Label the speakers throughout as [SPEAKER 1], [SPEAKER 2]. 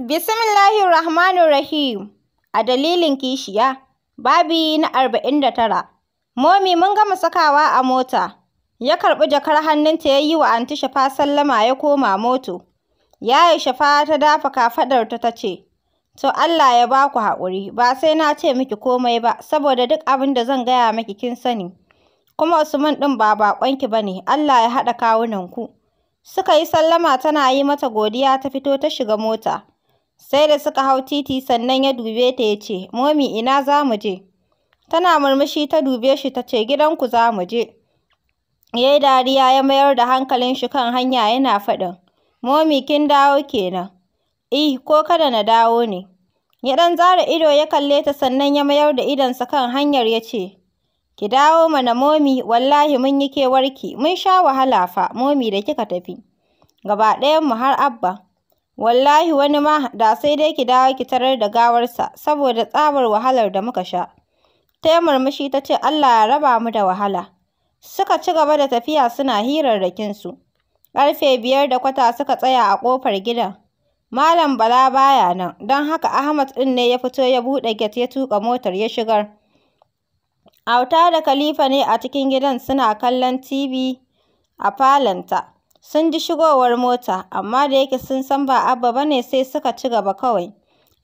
[SPEAKER 1] Bismillahirrahmanirrahim. A dalilin kishiya, babi na arba'in da tara. Momi mun gama sakawa a mota. Ya karɓi jakar hannunta ya yi wa Anti Shafa sallama ya koma moto. Ya yi Shafa ta dafa kafaɗarta ta ce, To Allah ya ba ku haƙuri, ba sai na ce miki komai ba, saboda duk abin da zan gaya miki kin sani. Kuma Usman ɗin ba baƙonki ba ne, Allah ya haɗa kawunanku. Suka yi sallama tana yi mata godiya ta fito ta shiga mota. Sai da suka hau titi sannan ya dube ta ya ce, Momi ina za mu je? Tana murmushi ta dube shi ta ce, Gidanku za mu je. Ya yi dariya ya mayar da hankalin shi kan hanya yana faɗin, Momi kin dawo kenan. Eh, ko kada na dawo ne. Ya ɗan zara ido ya kalle ta sannan ya mayar da idonsa kan hanyar ya ce, Ki dawo mana momi, wallahi mun yi kewarki, mun sha wahala fa momi da kika tafi. Gaba ɗayan mu har abba. Wallahi wani ma da sai dai ki dawo ki tarar da gawarsa saboda tsabar wahalar da muka sha. Ta murmushi ta ce Allah ya raba mu da wahala. Suka ci gaba da tafiya suna hirar su. Karfe biyar da kwata suka tsaya a ƙofar gidan. Malam Bala baya nan, don haka Ahmad ɗin ne ya fito ya buɗe get ya tuƙa motar ya shigar. Auta da Khalifa ne a cikin gidan suna kallon TV a falonta. Sun ji shigowar mota, amma da yake sun san ba Abba ba ne sai suka ci gaba kawai.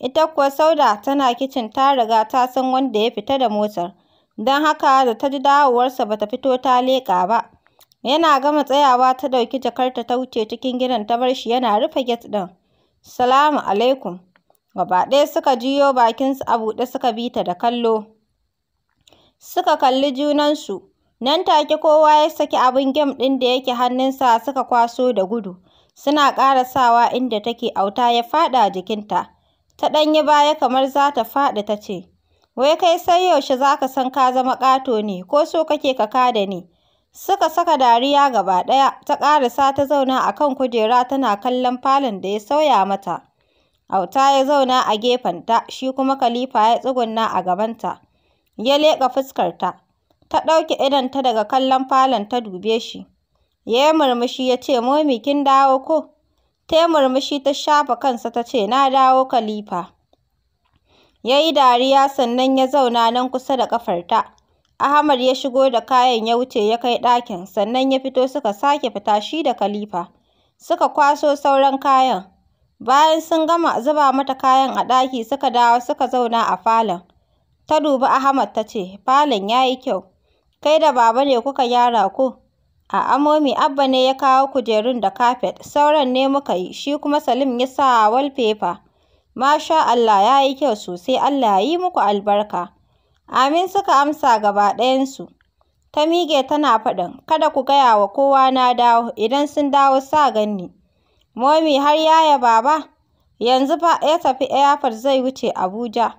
[SPEAKER 1] Ita kuwa Sauda tana kicin ta riga ta san wanda ya fita da motar, don haka da ta ji dawowarsa ba ta fito ta leƙa ba. Yana gama tsayawa ta ɗauki jakarta ta wuce cikin gidan ta bar shi yana rufe get ɗin. Salamu alaikum. Gaba ɗaya suka juyo bakinsu a buɗe suka bi ta da kallo. Suka kalli junansu. Nan take kowa ya saki abin gem ɗin da yake hannunsa suka kwaso da gudu, suna ƙara sawa inda take auta ya faɗa jikinta. Ta ɗan yi baya kamar za ta faɗi ta ce, wai kai sai yaushe za ka san ka zama ƙato ne ko so kake ka kada ni. Suka saka dariya gaba ɗaya, ta ƙarasa ta zauna a kan kujera tana kallon falon da ya sauya mata. Auta ya zauna a gefenta, shi kuma Khalifa ya tsugunna a gabanta, ya leƙa fuskarta. Ta ɗauke idonta daga kallon falon ta dube shi. Ya yi murmushi ya ce, Momi kin dawo ko? Ta yi murmushi ta shafa kansa ta ce, Na dawo Khalifa. Ya yi dariya sannan ya zauna nan kusa da ƙafarta. Ahmad ya shigo da kayan ya wuce ya kai ɗakin, sannan ya fito suka sake fita shi da Khalifa. Suka kwaso sauran kayan. Bayan sun gama zuba mata kayan a ɗaki suka dawo suka zauna a falon. Ta dubi Ahmad ta ce, falon ya yi kyau. Kai da Baba ne kuka gyara ko? A'a Momi, Abba ne ya kawo kujerun da kafet, sauran ne muka yi, shi kuma Salim ya sa walfefa. Masha Allah ya yi kyau sosai, Allah ya yi muku albarka. Amin suka amsa gaba ɗayansu. Ta mige tana faɗin, kada ku gaya wa kowa na dawo, idan sun dawo sa ganni. Momi har yaya Baba, yanzu fa ya tafi airport zai wuce Abuja.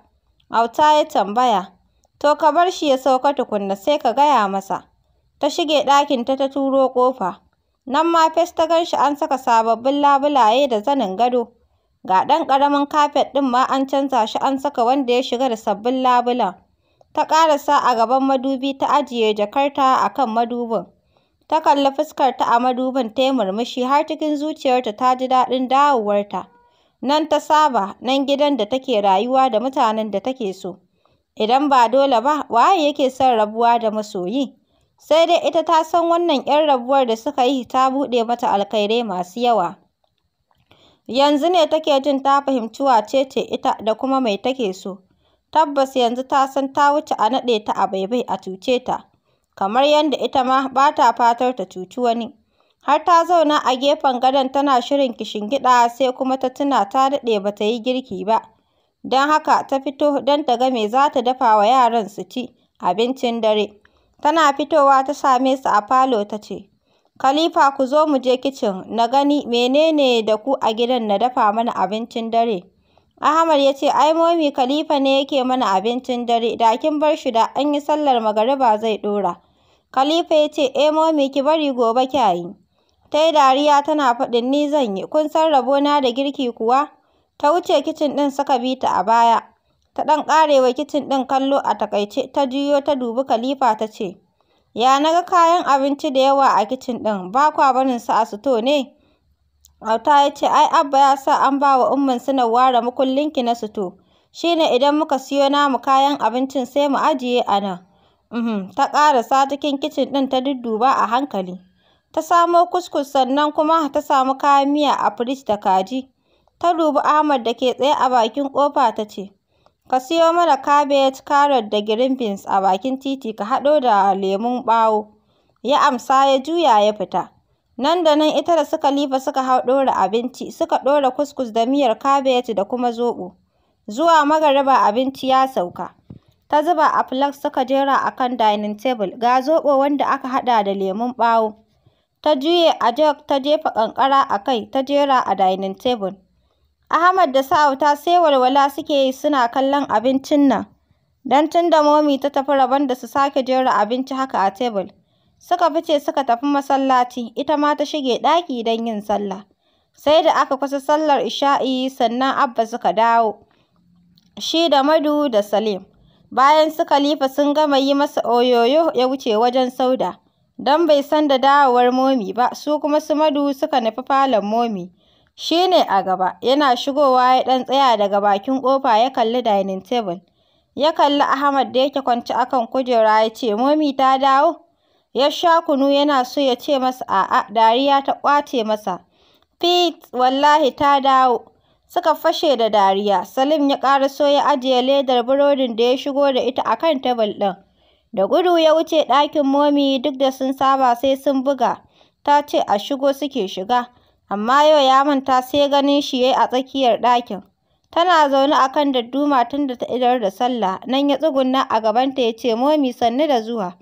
[SPEAKER 1] Auta ya tambaya. To ka bar shi ya sauka tukunna sai ka gaya masa. Ta shige ɗakinta ta turo ƙofa. Nan ma fes ta gan shi an saka sababbin labulaye da zanin gado. Ga ɗan ƙaramin kafet ɗin ma an canza shi an saka wanda ya shiga da sabbin labulan. Ta ƙarasa a gaban madubi ta ajiye jakarta a kan madubin. Ta kalli fuskarta a madubin ta yi murmushi har cikin zuciyarta ta ji daɗin dawowarta. Nan ta saba, nan gidan da take rayuwa da mutanen da take so. Idan ba dole ba, waye yake son rabuwa da masoyi? Sai dai ita ta san wannan 'yan rabuwar da suka yi ta buɗe mata alkhairai masu yawa. Yanzu ne take jin ta fahimci wace ce ita da kuma mai take so. Tabbas yanzu ta san ta wuce a naɗe ta a baibai a cuce ta, kamar yadda ita ma ba ta fatar ta cuci wani. Har ta zauna a gefen gadon tana shirin kishingiɗa sai kuma ta tuna ta daɗe ba ta yi girki ba. Don haka ta fito don ta ga me za ta dafa wa yaran su ci abincin dare. Tana fitowa ta same su a falo ta ce, Khalifa ku zo mu je kicin na gani menene da ku a gidan na dafa mana abincin dare. Ahmad ya ce, ai momi Khalifa ne yake mana abincin dare, da kin bar shi da an yi sallar magariba zai ɗora. Khalifa ya ce, eh momi ki bari gobe kya yi. Ta yi dariya tana faɗin ni zan yi, kun san rabona da girki kuwa? Ta wuce kicin ɗin suka bi ta a baya. Ta ɗan ƙarewa kicin ɗin kallo a taƙaice ta juyo ta dubi Khalifa ta ce, Ya na ga kayan abinci da yawa a kicin ɗin, ba kwa barin su a sito ne? Auta ya ce, Ai, Abba ya sa an ba wa umman su Nawwara makullinki na sito. Shi ne idan muka siyo namu kayan abincin sai mu ajiye a nan. Uhum, ta ƙara cikin kicin ɗin ta dudduba a hankali. Ta samo kuskus sannan kuma ta samu kayan miya a firij da kaji. ta dubi Ahmad da ke tsaye a bakin ƙofa ta ce, ka siyo mana kabej, karot, da green beans a bakin titi ka haɗo da lemun ɓawo. Ya amsa ya juya ya fita. Nan da nan ita da suka Khalifa suka hau ɗora abinci, suka ɗora kuskus da miyar kabej da kuma zoɓo. Zuwa magariba abinci ya sauka. Ta zuba a flask suka jera a kan dining table, ga zoɓo wanda aka haɗa da lemun ɓawo. Ta juye a jug ta jefa ƙanƙara a kai ta jera a dining table. Ahmad da su Auta sai walwala suke yi suna kallon abincin nan. Don tun da Momi ta tafi rabon da su sake jera abinci haka a tebul. Suka fice suka tafi masallaci, ita ma ta shige ɗaki don yin sallah. Sai da aka kusa sallar isha'i sannan Abba suka dawo. Shi da Madu da Salim. Bayan su Khalifa sun gama yi masa oyoyo ya wuce wajen Sauda. Don bai san da dawowar Momi ba, su kuma su Madu suka nufi falon Momi. Shi ne a gaba, yana shigowa ya ɗan tsaya daga bakin ƙofa ya kalli dining table. Ya kalli Ahmad da yake kwance akan kujera ya ce, Momi ta dawo? Ya sha kunu yana so ya ce masa a'a, dariya ta ƙwace masa. Fit, wallahi ta dawo. Suka fashe da dariya, Salim ya ƙara so ya ajiye ledar burodin da ya shigo da ita a kan tebul ɗin. Da gudu ya wuce ɗakin Momi duk da sun saba sai sun buga, ta ce a shigo suke shiga. amma yau ya manta sai ganin shi ya a tsakiyar ɗakin. Tana zaune a kan dadduma tun da ta idar da sallah, nan ya tsugunna a gabanta ya ce, Momi sannu da zuwa.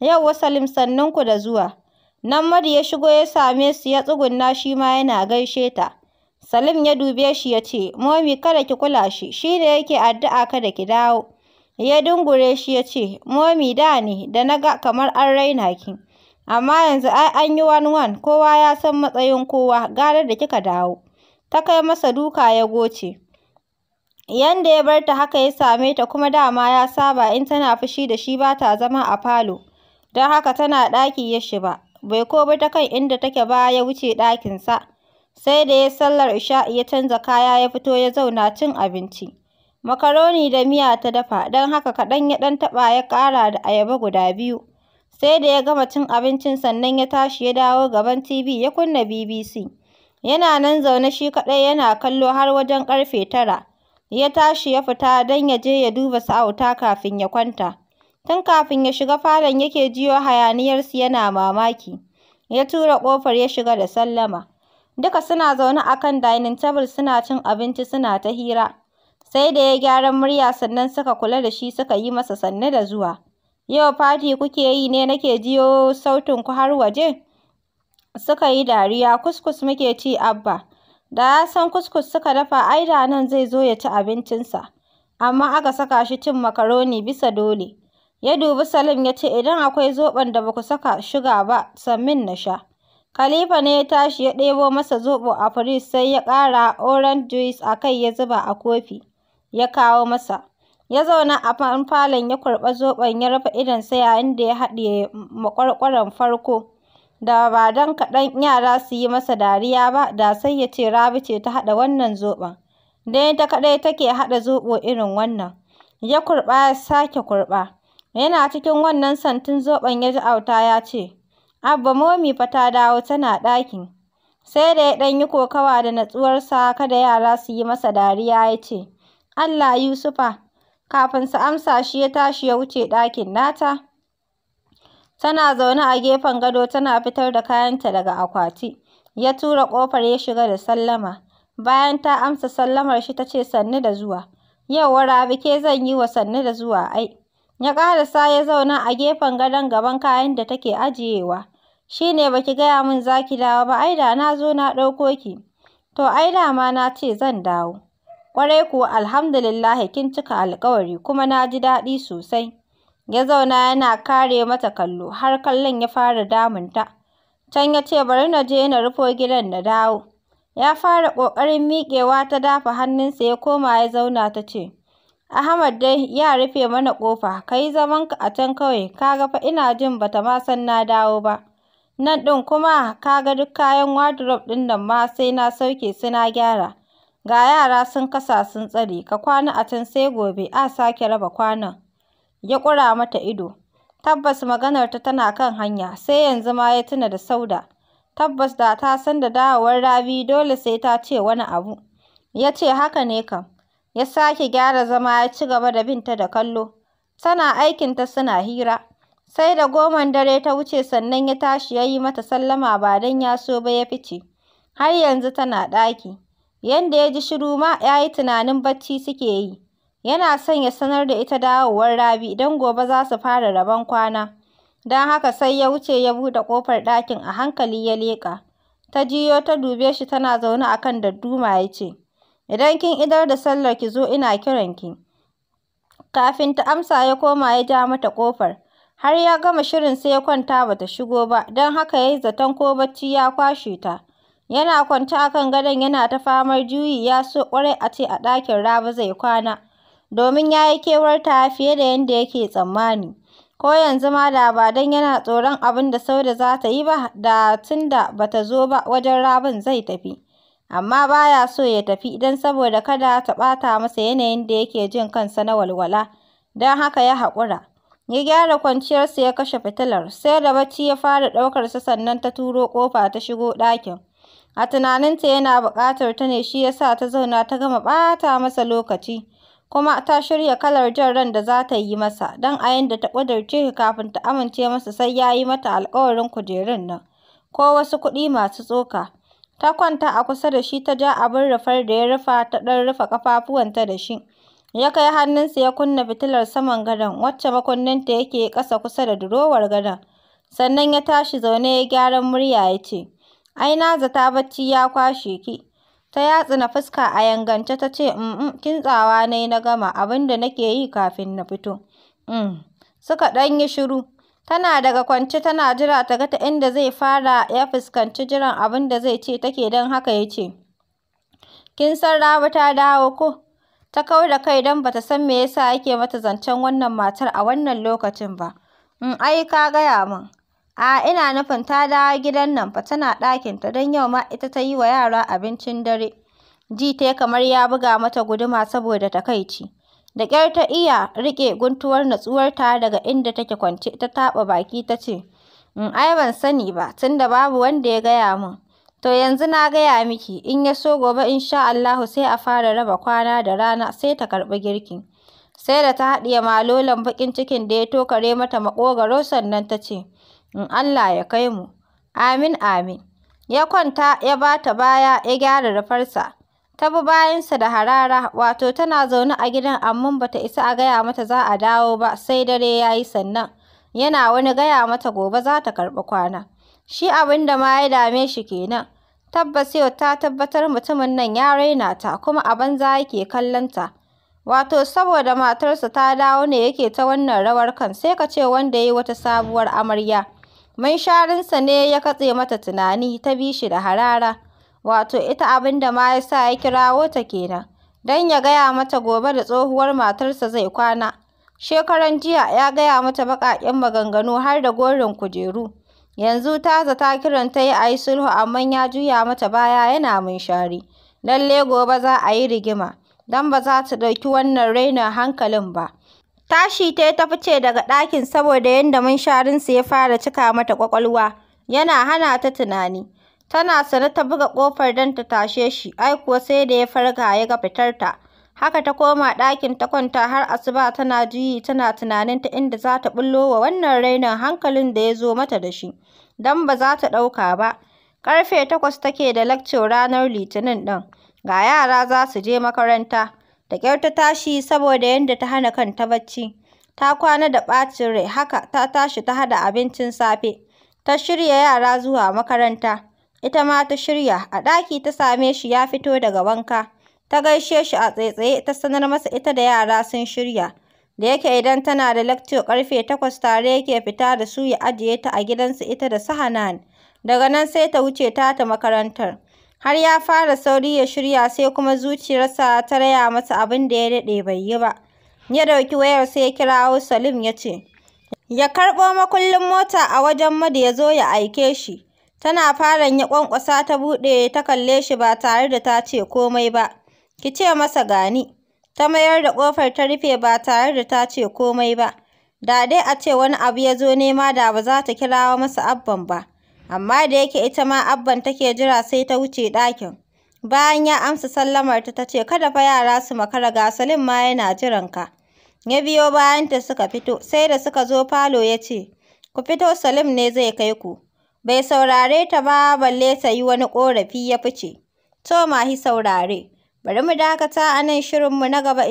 [SPEAKER 1] Yau, wa Salim ku da zuwa. Nan Madi ya shigo ya same su ya tsugunna shi ma yana gaishe ta. Salim ya dube shi ya ce, Momi kada ki kula shi, shi da yake addu'a kada ki dawo. Ya dungure shi ya ce, Momi da ne, da na ga kamar an raina ki. Amma yanzu ai an yi wan-wan, kowa ya san matsayin kowa, gara da kika dawo. Ta kai masa duka ya goce. Yanda ya bar ta haka ya same ta kuma dama ya saba in tana fushi da shi ba ta zama a falo, don haka tana ɗaki ya shi ba, Bai ko ba ta kan inda take ba ya wuce ɗakinsa. Sai da ya sallar isha'i ya canza kaya ya fito ya zauna cin abinci. Makaroni da miya ta dafa, don haka kaɗan ya ɗan taɓa ya ƙara da ayaba guda biyu. Sai da ya gama cin abincin sannan ya tashi ya dawo gaban TV ya kunna BBC. Yana nan zaune shi kaɗai yana kallo har wajen ƙarfe tara. Ya tashi ya fita don ya je ya duba su kafin ya kwanta. Tun kafin ya shiga falon yake jiyo hayaniyarsu yana mamaki. Ya tura ƙofar ya shiga da sallama. Duka suna zaune a kan dining table suna cin abinci suna ta hira. Sai da ya gyara murya sannan suka kula da shi suka yi masa sanne da zuwa. Yau fati kuke yi ne nake jiyo ku har waje? Suka yi dariya, kuskus muke ci Abba. Da ya san kuskus suka dafa ai da nan zai zo ya ci abincinsa. Amma aka saka shi cin makaroni bisa dole. Ya dubi Salim ya ce idan akwai zoɓon da baku saka shuga ba, sammin na sha. Khalifa ne ya tashi ya ɗebo masa zobo a firis sai ya ƙara orange juice a kai ya zuba a kofi ya kawo masa. Ya zauna a falon ya kurɓa zoben ya rufe idonsa yayin da ya haɗe makwarkwaron farko. Da ba don kaɗan yara su yi masa dariya ba, da sai ya ce Rabi ce ta haɗa wannan zoben. da ta kaɗai take haɗa zoɓo irin wannan. Ya kurɓa ya sake kurɓa. Yana cikin wannan santin zoben ya ji auta ya ce, Abba momi fa ta dawo tana ɗakin. Sai da ya ɗan yi kokawa da natsuwarsa kada yara su yi masa dariya ya ce, Allah Yusufa, Kafin su amsa shi ya tashi ya wuce ɗakin nata. Tana zaune a gefen gado tana fitar da kayanta daga akwati. Ya tura ƙofar ya shiga da sallama. Bayan ta amsa sallamar shi ta ce sannu da zuwa. Yauwa Rabi ke zan yi wa sannu da zuwa ai. Ya sa ya zauna a gefen gadon gaban kayan da take ajiyewa. Shi ne ba ki gaya min zaki dawo ba, ai da na zo na ɗauko ki. To ai da ma na ce zan dawo. kwarai kuwa alhamdulillah kin cika alƙawari kuma na ji daɗi sosai. Ya zauna yana kare mata kallo har kallon ya fara damunta. Can ya ce bari na je na rufo gidan na dawo. Ya fara ƙoƙarin miƙewa ta dafa hannunsa ya koma ya zauna ta ce, Ahmad dai ya rufe mana ƙofa, ka yi zamanka a can kawai, ka ga fa ina jin ba ta ma san na dawo ba. Nan ɗin kuma ka ga duk kayan wardrobe ɗin nan ma sai na sauke su na gyara. Ga yara sun kasa sun tsare, ka kwana a can sai gobe a sake raba kwanan. ya ƙura mata ido. Tabbas maganar ta tana kan hanya, sai yanzu ma ya tuna da Sauda. Tabbas da ta san da dawowar Rabi dole sai ta ce wani abu. Ya ce haka ne kam. Ya sake gyara zama ya ci gaba da binta da kallo. Tana aikinta suna hira. Sai da goman dare ta wuce sannan ya tashi ya yi mata sallama ba don ya so ba ya fice. Har yanzu tana ɗaki. Yanda ya ji shiru ma ya yi tunanin bacci suke yi. Yana son ya sanar da ita dawowar Rabi don gobe za su fara rabon kwana. Don haka sai ya wuce ya buɗe kofar ɗakin a hankali ya leƙa. Ta jiyo ta dube shi tana zaune a kan dadduma ya ce, Idan kin idar da sallar ki zo ina kiran ki. Kafin ta amsa ya koma ya ja mata kofar, Har ya gama shirin sai ya kwanta ba ta shigo ba, don haka ya yi zaton ko bacci ya kwashe ta. Yana kwance a kan gadon yana ta famar juyi ya so kwarai a ce a ɗakin Rabi zai kwana, domin ya yi kewarta fiye da yadda yake tsammani. Ko yanzu ma da ba don yana tsoron abin da Saude za ta yi ba da tun da ba ta zo ba wajen Rabin zai tafi. Amma ba ya so ya tafi don saboda kada ta ɓata masa yanayin da yake jin kansa na walwala, don haka ya haƙura. Ya gyara kwanciyarsa ya kashe fitilar, sai da bacci ya fara ɗaukarsa sannan ta turo ƙofa ta shigo ɗakin. a tunaninta yana buƙatar ta ne shi ya sa ta zauna ta gama ɓata masa lokaci kuma ta shirya kalar jan ran da za ta yi masa don a yanda ta ƙudurce kafin ta amince masa sai ya yi mata alƙawarin kujerun nan ko wasu kuɗi masu tsoka ta kwanta a kusa da shi ta ja abin rufar da ya rufa ta ɗan rufe ƙafafuwanta da shi ya kai hannunsa ya kunna fitilar saman gadon wacce makunninta yake ƙasa kusa da durowar gadon sannan ya tashi zaune ya gyaran murya ya ce Ai na zata bacci ya kwashe ki. Ta yatsuna fuska a yangance ta ce, mm kintsawa ne na gama abin da nake yi kafin na fito. mm Suka ɗan yi shiru. Tana daga kwance tana jira ta ga ta inda zai fara ya fuskanci jiran abin da zai ce take don haka ya ce, kin san Rabi ta dawo ko? Ta kau da kai don bata san me yasa yake mata zancen wannan matar a wannan lokacin ba. Mm, ai ka gaya min. A'a ina nufin ta dawo gidan nan fa tana ɗakinta don yau ma ita ta yi wa yara abincin dare. Ji ta kamar ya buga mata guduma saboda takaici. Da ƙyar ta iya riƙe guntuwar ta daga inda take kwance ta taɓa baki ta ce, In mm, ai ban sani ba tunda babu wanda ya gaya min. To yanzu na gaya miki in ya so gobe insha Allahu sai a fara raba kwana da rana sai ta karɓi girki. Sai da ta haɗiye malolan baƙin cikin da ya tokare mata makogaro, sannan ta ce, in Allah ya kai mu. Amin amin. Ya kwanta ya ba ta baya ya gyara rufarsa. Ta bi bayansa da harara wato tana zaune a gidan amma ta isa a gaya mata za a dawo ba sai dare ya yi sannan. Yana wani gaya mata gobe za ta karɓi kwana. Shi abin da ma ya dame shi kenan. Tabbas yau ta tabbatar mutumin nan ya raina ta kuma a banza yake kallon ta. Wato saboda matarsa ta dawo ne yake ta wannan rawar kan sai ka ce wanda ya yi wata sabuwar amarya. Munsharinsa ne ya katse mata tunani ta bi shi da harara, wato ita abin da ma ya sa ya kirawo ta kenan, don ya gaya mata gobe da tsohuwar matarsa zai kwana. Shekaran jiya ya gaya mata baƙaƙen maganganu har da gorin kujeru. Yanzu ta zata kiran ta yi a yi sulhu amma ya juya mata baya yana munshari. Lalle gobe za a yi rigima, don ba za ta ɗauki wannan rainon hankalin ba. Tashi ta yi ta fice daga ɗakin saboda yadda munsharinsu ya fara cika mata ƙwaƙwalwa, yana hana ta tunani. Tana sane ta buga ƙofar don ta tashe shi, ai kuwa sai da ya farka ya ga fitarta. Haka ta koma ɗakin ta kwanta har asuba tana juyi tana tunanin ta inda za ta ɓullo wa wannan rainon hankalin da ya zo mata da shi, don ba za ta ɗauka ba. Ƙarfe takwas take da lacco ranar Litinin ɗin, ga yara za su je makaranta. Da kyar ta tashi saboda yadda ta hana kanta bacci. Ta kwana da ɓacin rai haka ta tashi ta hada abincin safe. Ta shirya yara zuwa makaranta. Ita ma ta shirya. A ɗaki ta same shi ya fito daga wanka. Ta gaishe shi a tsaitsaye ta sanar masa ita da yara sun shirya. Da yake idan tana da lecture karfe takwas tare yake fita da su ya ajiye ta a gidansu ita da su Hanan. Daga nan sai ta wuce ta ta makarantar. har ya fara sauri ya shirya sai kuma zuciyarsa ta raya masa abin da ya daɗe bai yi ba. Ya ɗauki wayar sai ya kirawo Salim ya ce, ya karɓo makullin mota a wajen Madu ya zo ya aike shi. Tana fara ya ƙwanƙwasa ta buɗe ta kalle shi ba tare da ta ce komai ba. Ki ce masa gani. Ta mayar da ƙofar ta rufe ba tare da ta ce komai ba. Da dai a ce wani abu ya zo nema da ba za ta kirawo masa abban ba. amma da yake ita ma Abban take jira sai ta wuce ɗakin. Bayan ya amsa sallamarta ta ce kada fa yara su makara ga Salim ma yana jiran ka. Ya biyo bayan ta suka fito sai da suka zo falo ya ce ku fito Salim ne zai kai ku. Bai saurare ta ba balle ta yi wani ƙorafi ya fice. To mahi saurare bari mu dakata a nan shirinmu na gaba.